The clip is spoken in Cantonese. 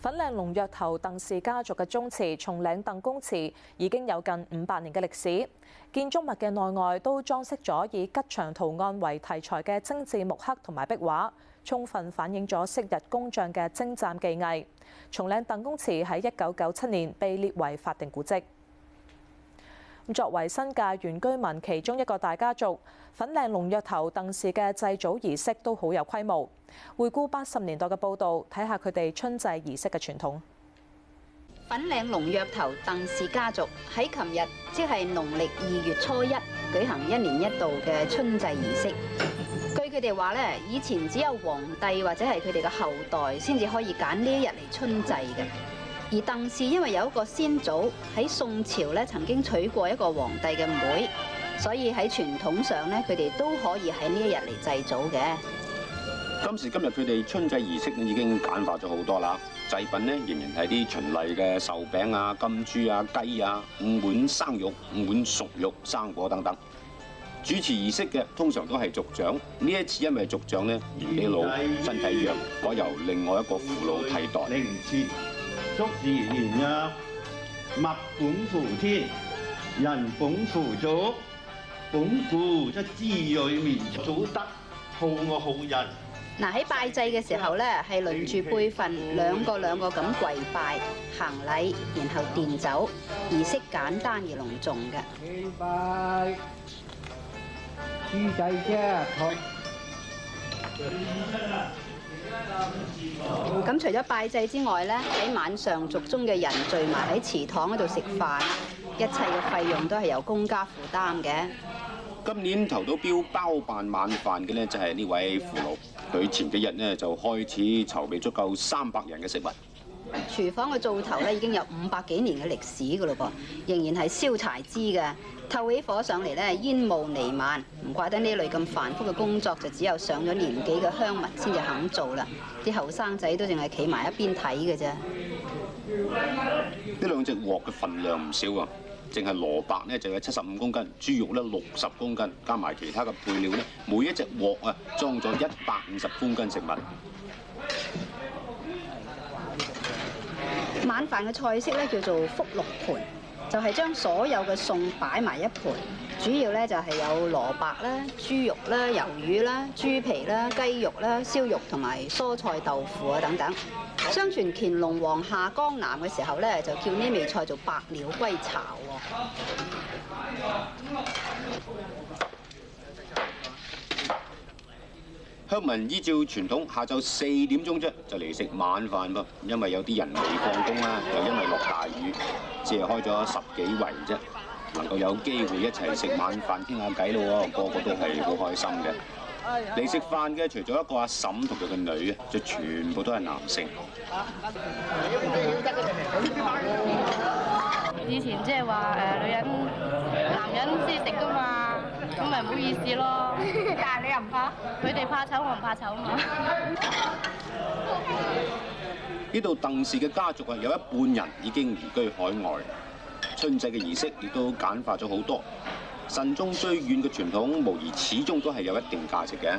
粉嶺龍躍頭鄧氏家族嘅宗祠——松嶺鄧公祠，已經有近五百年嘅歷史。建築物嘅內外都裝飾咗以吉祥圖案為題材嘅精緻木刻同埋壁畫，充分反映咗昔日工匠嘅精湛技藝。松嶺鄧公祠喺一九九七年被列為法定古蹟。作為新界原居民其中一個大家族，粉嶺龍躍頭鄧氏嘅祭祖儀式都好有規模。回顧八十年代嘅報導，睇下佢哋春祭儀式嘅傳統。粉嶺龍躍頭鄧氏家族喺琴日，即係農曆二月初一舉行一年一度嘅春祭儀式。據佢哋話咧，以前只有皇帝或者係佢哋嘅後代先至可以揀呢一日嚟春祭嘅。而鄧氏因為有一個先祖喺宋朝咧，曾經娶過一個皇帝嘅妹妹，所以喺傳統上咧，佢哋都可以喺呢一日嚟祭祖嘅。今時今日佢哋春祭儀式已經簡化咗好多啦，祭品咧仍然係啲循例嘅壽餅啊、金豬啊、雞啊、五碗生肉、五碗熟肉、生果等等。主持儀式嘅通常都係族長，呢一次因為族長咧年紀老、身體弱，改由另外一個父老替代。你唔知。祝時年日，物本乎天，人本乎祖，本乎出滋潤而祖德，好我好人。嗱，喺拜祭嘅時候咧，係輪住輩份兩個兩個咁跪拜行禮，然後奠酒，儀式簡單而隆重嘅。拜豬仔啫，好。咁除咗拜祭之外咧，喺晚上族中嘅人聚埋喺祠堂嗰度食飯，一切嘅費用都係由公家負擔嘅。今年投到標包辦晚飯嘅呢，就係呢位父老，佢前幾日呢就開始籌備足夠三百人嘅食物。廚房嘅灶頭咧已經有五百幾年嘅歷史噶嘞噃，仍然係燒柴枝嘅，透起火上嚟咧煙霧瀰漫，唔怪得呢類咁繁複嘅工作就只有上咗年紀嘅鄉民先至肯做啦，啲後生仔都淨係企埋一邊睇嘅啫。呢兩隻鑊嘅份量唔少啊，淨係蘿蔔呢就有七十五公斤，豬肉呢六十公斤，加埋其他嘅配料呢，每一隻鑊啊裝咗一百五十公斤食物。晚飯嘅菜式咧叫做福祿盤，就係將所有嘅餸擺埋一盤，主要咧就係有蘿蔔啦、豬肉啦、魷魚啦、豬皮啦、雞肉啦、燒肉同埋蔬菜豆腐啊等等。相傳乾隆皇下江南嘅時候咧，就叫呢味菜做百鳥歸巢喎。鄉民依照傳統，下晝四點鐘啫，就嚟食晚飯噃。因為有啲人未放工啦，又因為落大雨，只係開咗十幾圍啫，能夠有機會一齊食晚飯，傾下偈咯。個個都係好開心嘅。嚟食飯嘅，除咗一個阿嬸同佢個女啊，就全部都係男性。以前即係話誒，女人男人先食㗎嘛。咁咪唔好意思咯， 但係你又唔怕，佢哋怕醜，我唔怕醜啊嘛！呢度 鄧氏嘅家族啊，有一半人已經移居海外，春祭嘅儀式亦都簡化咗好多。慎終追遠嘅傳統，無疑始終都係有一定價值嘅。